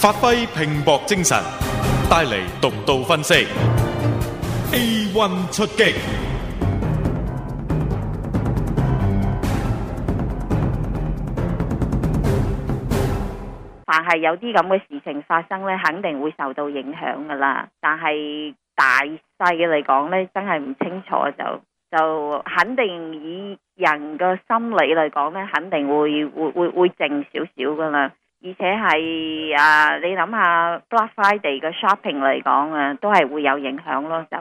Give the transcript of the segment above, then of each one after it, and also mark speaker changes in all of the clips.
Speaker 1: 發揮拼搏精神，帶嚟獨到分析。A1 出擊，
Speaker 2: 凡係有啲咁嘅事情發生咧，肯定會受到影響噶啦。但係大細嘅嚟講咧，真係唔清楚就就肯定以人嘅心理嚟講咧，肯定會會會會靜少
Speaker 1: 少噶啦。
Speaker 2: 而且係啊，你諗下 Black Friday 嘅 shopping 嚟講啊，都係會有影響咯，就。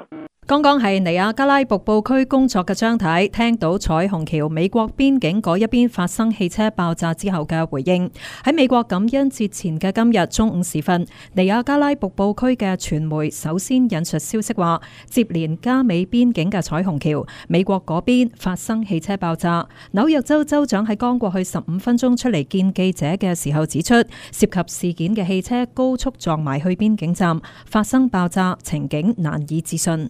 Speaker 1: 剛剛係尼亞加拉瀑布區工作嘅張太，聽到彩虹橋美國邊境嗰一邊發生汽車爆炸之後嘅回應。喺美國感恩節前嘅今日中午時分，尼亞加拉瀑布區嘅傳媒首先引述消息話，接連加美邊境嘅彩虹橋美國嗰邊發生汽車爆炸。紐約州州長喺剛過去十五分鐘出嚟見記者嘅時候指出，涉及事件嘅汽車高速撞埋去邊境站，發生爆炸，情景難以置信。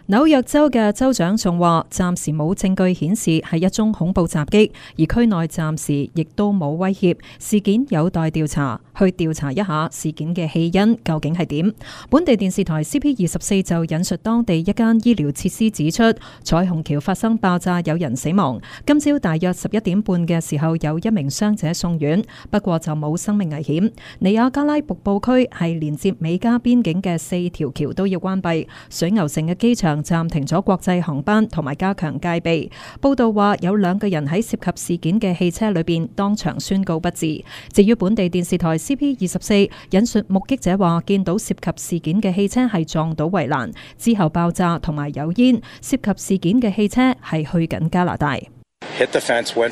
Speaker 1: 紐約州嘅州長仲話，暫時冇證據顯示係一宗恐怖襲擊，而區內暫時亦都冇威脅，事件有待調查，去調查一下事件嘅起因究竟係點。本地電視台 CP 二十四就引述當地一間醫療設施指出，彩虹橋發生爆炸，有人死亡。今朝大約十一點半嘅時候，有一名傷者送院，不過就冇生命危險。尼亞加拉瀑布區係連接美加邊境嘅四條橋都要關閉，水牛城嘅機場，暫停咗國際航班同埋加強戒備。報道話有兩個人喺涉及事件嘅汽車裏邊當場宣告不治。至於本地電視台 CP 二十四引述目擊者話，見到涉及事件嘅汽車係撞到圍欄之後爆炸同埋有煙。涉及事件嘅汽車係去緊加拿大。
Speaker 2: Hit the fence, went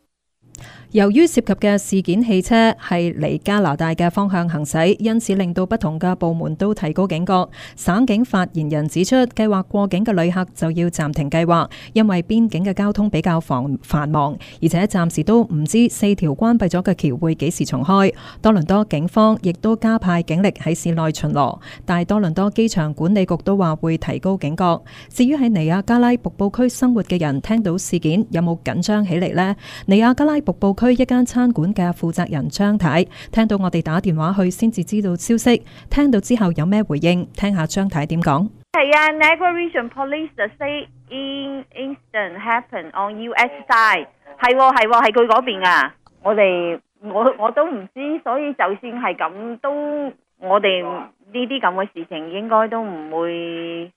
Speaker 1: 由於涉及嘅事件，汽車係嚟加拿大嘅方向行駛，因此令到不同嘅部門都提高警覺。省警發言人指出，計劃過境嘅旅客就要暫停計劃，因為邊境嘅交通比較繁繁忙，而且暫時都唔知四條關閉咗嘅橋會幾時重開。多倫多警方亦都加派警力喺市內巡邏，但多倫多機場管理局都話會提高警覺。至於喺尼亞加拉瀑布區生活嘅人，聽到事件有冇緊張起嚟呢？尼亞加拉瀑布區一間餐館嘅負責人張太聽到我哋打電話去，先至知道消息。聽到之後有咩回應？聽下張太點講？
Speaker 2: 係啊，Niagara Region Police say the incident happen on U.S. side。係，係，係佢嗰邊啊！我哋我我都唔知，所以就算係咁都，我哋呢啲咁嘅事情應該都唔會。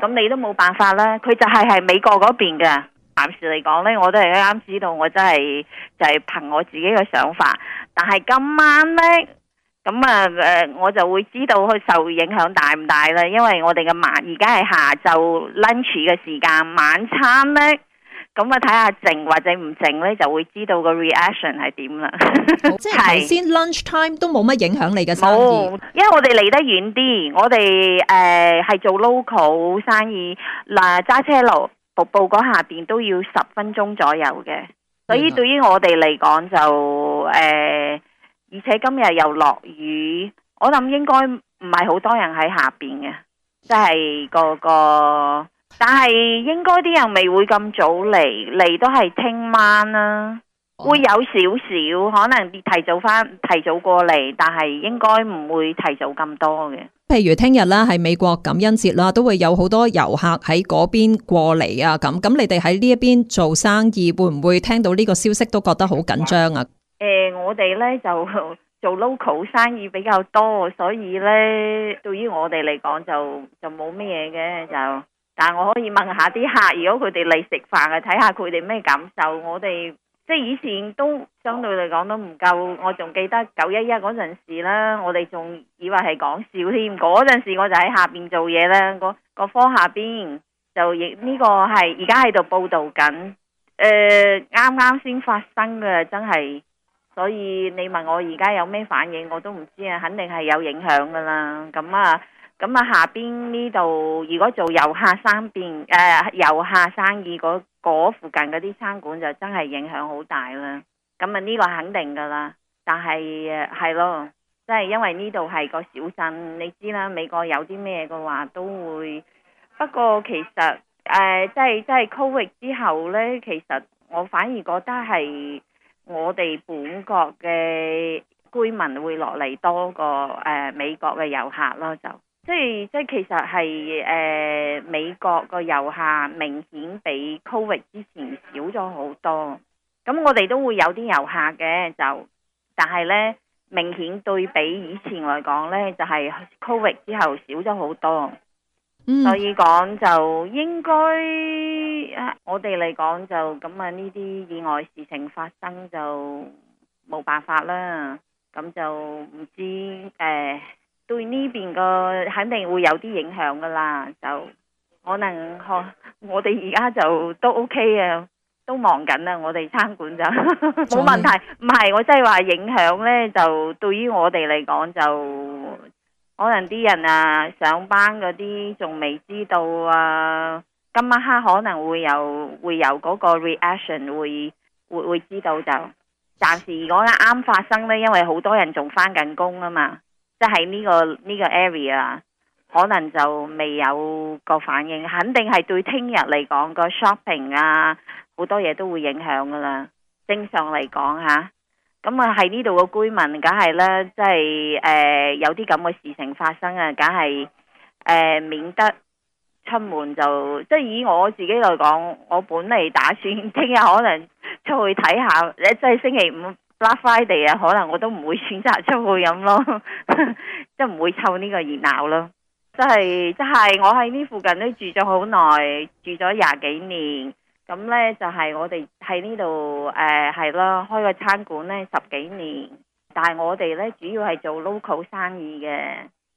Speaker 2: 咁你都冇辦法啦，佢就係係美國嗰邊嘅。暫時嚟講咧，我都係啱啱知道，我真係就係、是、憑我自己嘅想法。但係今晚咧，咁啊誒，我就會知道佢受影響大唔大啦。因為我哋嘅晚而家係下晝 lunch 嘅時間，晚餐咧，咁我睇下靜或者唔靜咧，就會知道個 reaction 係點啦。
Speaker 1: 即係頭先 lunch time 都冇乜影響你嘅
Speaker 2: 生意？冇，因為我哋離得遠啲，我哋誒係做 local 生意嗱揸車路。報告下邊都要十分鐘左右嘅，所以對於我哋嚟講就誒、呃，而且今日又落雨，我諗應該唔係好多人喺下邊嘅，即係嗰個，但係應該啲人未會咁早嚟，嚟都係聽晚啦、啊。會有少少，可能提早翻、提早過嚟，但係應該唔會提早咁多嘅。
Speaker 1: 譬如聽日啦係美國感恩節啦，都會有好多遊客喺嗰邊過嚟啊。咁咁，你哋喺呢一邊做生意，會唔會聽到呢個消息都覺得好緊張啊？
Speaker 2: 誒，我哋咧就做 local 生意比較多，所以咧對於我哋嚟講就就冇乜嘢嘅就。但係我可以問下啲客，如果佢哋嚟食飯啊，睇下佢哋咩感受。我哋。即係以前都相對嚟講都唔夠，我仲記得九一一嗰陣時啦，我哋仲以為係講笑添。嗰陣時我就喺下邊做嘢啦，個個科下邊就亦呢、呢個係而家喺度報導緊。誒、呃，啱啱先發生嘅真係，所以你問我而家有咩反應，我都唔知啊。肯定係有影響噶啦。咁啊，咁啊下邊呢度如果做遊客生變誒、呃、遊客生意嗰附近嗰啲餐館就真係影響好大啦，咁啊呢個肯定噶啦，但係誒係咯，即係、就是、因為呢度係個小鎮，你知啦，美國有啲咩嘅話都會。不過其實誒，即、呃、係即係 Covid 之後呢，其實我反而覺得係我哋本國嘅居民會落嚟多過誒美國嘅遊客咯，就。即係即係，其實係誒、呃，美國個遊客明顯比 covid 之前少咗好多。咁我哋都會有啲遊客嘅，就但係呢，明顯對比以前嚟講呢，就係、是、covid 之後少咗好多。嗯、所以講就應該啊，我哋嚟講就咁啊，呢啲意外事情發生就冇辦法啦。咁就唔知誒。呃對，呢邊個肯定會有啲影響噶啦，就可能可我哋而家就都 OK 啊，都忙緊啦，我哋餐館就冇 問題。唔係我即係話影響呢，就對於我哋嚟講就可能啲人啊上班嗰啲仲未知道啊，今晚黑可能會有會有嗰個 reaction，會會會知道就暫時如果啱啱發生呢，因為好多人仲翻緊工啊嘛。即係呢個呢個 area，啊，可能就未有個反應，肯定係對聽日嚟講個 shopping 啊，好多嘢都會影響噶啦。正常嚟講吓，咁啊喺呢度個居民，梗係咧，即係誒有啲咁嘅事情發生啊，梗係誒免得出門就，即係以我自己嚟講，我本嚟打算聽日可能出去睇下，即係星期五。Black Friday 啊，可能我都唔會選擇出去飲咯，即係唔會湊呢個熱鬧咯。即係即係，我喺呢附近都住咗好耐，住咗廿幾年。咁咧就係、是、我哋喺呢度誒係咯，開個餐館咧十幾年。但係我哋咧主要係做 local 生意嘅，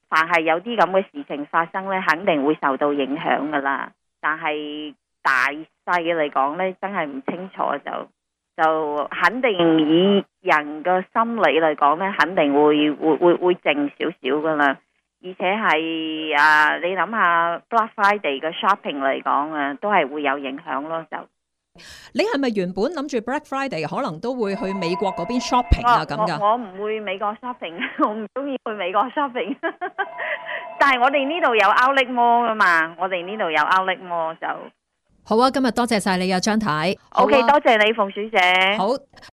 Speaker 2: 凡係有啲咁嘅事情發生咧，肯定會受到影響噶啦。但係大細嘅嚟講咧，真係唔清楚就。就肯定以人嘅心理嚟講咧，肯定會會會會靜少少噶啦，而且係啊，你諗下 Black Friday 嘅 shopping
Speaker 1: 嚟講啊，都係會有影響咯。就你係咪原本諗住 Black Friday 可能都會去美國嗰邊 shopping 啊？咁噶？我
Speaker 2: 唔會美國 shopping，我唔中意去美國 shopping，但係我哋呢度有 outlet mall 㗎嘛，我哋呢度有 outlet mall 就。
Speaker 1: 好啊，今日多謝晒你啊，張太。OK，多謝你，馮
Speaker 2: 小姐。好。